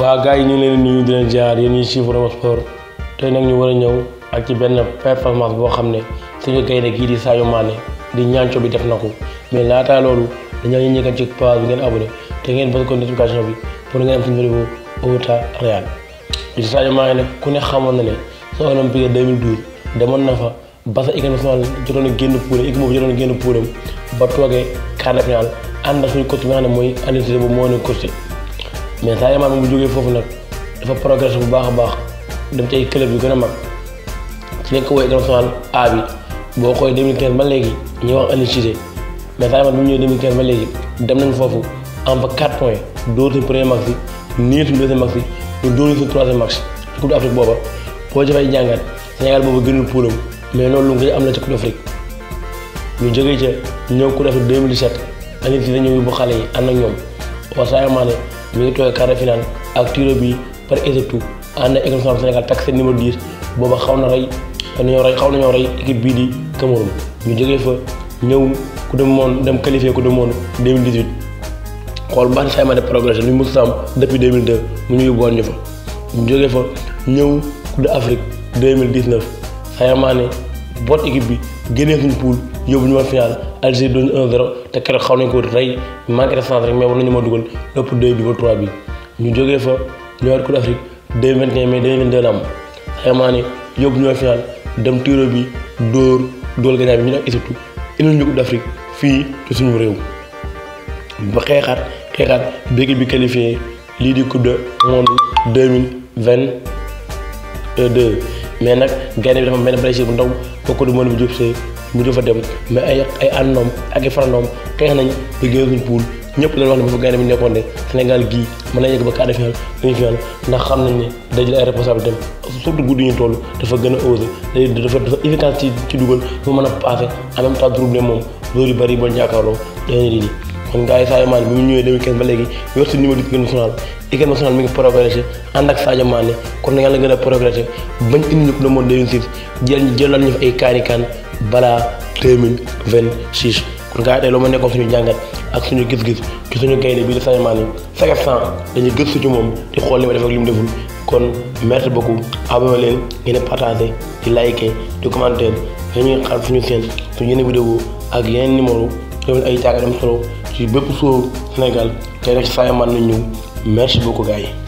waaw gars yi ñu ngi leen nuyu di leen jaar yéen ñuy suivre Rmo Sport tey nag ñu war a ñëw ak ci benn performance boo xam ne suñu gaynde kii di Sadio Mané di ñaanco bi def na ko mais laataa loolu dañoo ñu ñëkkat ci page bi ngeen abonné te ngeen bës ko notification bi pour ngeen am suñu vidéo au temps réel di Sadio Mané nag ku ne xamoon na ne sa na fa ba sa équipe nationale a génn puuram équipe boobu jotoon a génn puuram ba toogee quart de finale ànd ak suñu coach bi nga ne mooy Aliou Cissé bu moo ne coach mais Sadio Mané bu jógee foofu nag dafa progressé bu baax a baax dem ci ay club yu gën a mag ci nekk ko woowee international A bi boo xoolee 2015 ba léegi ñu wax Aliou Cissé mais Sadio Mané bu ñëwee 2015 ba léegi dem nañ foofu am fa 4 points dóor suñu premier match bi nii suñu deuxième match bi ñu dóor suñu troisième match Coupe d'Afrique booba boo ci fay jàngat Sénégal boobu gënul puulam mais loolu lu ngi am la ci Coupe d'Afrique ñu jógee ca ñëw Coupe d'Afrique 2017 Aliou Cissé ñëw bu xale yi ànd ak ñoom waaw ñu ngi toy carré final ak tiro bi par Égypte and ak équipe Sénégal tak seen numéro 10 boba xawna ray ñu ray xawna ñu ray équipe bi di Cameroun ñu jëgé fa ñew ku dem mon dem qualifier ku dem mon 2018 xol ban sayma de progression ñu mos am depuis 2002 mu ñu yóbbuwoon ñu fa ñu jëgé fa ñew ku de Afrique 2019 sayma né bot équipe bi gëné suñu poule yóbbu ñu ma final Algérie doon 1-0 te keroog xaw nañ ko rey manqué de chance mais war nañu ma dugal lépp 2 bi ba 3 bi ñu jógee fa ñëwaat Coupe d'Afrique 2021 mai 2022 la am vraiment ne dem tiro bi dóor dóol ganaar bi ñu def fii ci suñu réew ba xeexaat xeexaat béykat bi qualifié lii di Coupe du Monde 2022 mais nag gaynde bi dafa am benn blessure bu ndaw ba Coupe du Monde bi jub see bu jël fa dem mais ay ay àndoom ak i farandoom xeex nañ te génn poul ñëpp dañ wax ne ba fa gaynde bi nekkoon de Sénégal gii mën na yegg ba quart de ndax xam nañ ne daj la ay responsable dem ñu toll dafa gën a osé dafa dafa efficace ci ci dugal mu mën yu bëri bon jàkkaarloo dañu di di kon gars yi Sadio Mané bi ba léegi yor si numéro équipe nationale a progressé bañ indi ñu ko demoon 2006 jël fa ay kaani kaan balaa 2026 kon gaa yi tey loo ma nekkoon suñu jàngat ak suñu gis-gis ci suñu gaynde bii di Sadio Mané chaque instant dañuy ci moom di xool li ma def ak deful kon merci beaucoup abonné leen ngeen partagé di liké di commenté dañuy xaar suñu seen suñu yeneen vidéo ak yeneen numéro doon ay jàngat am solo ci bépp suuf Sénégal tey rek Sadio Mané nañ ñëw merci beaucoup gars yi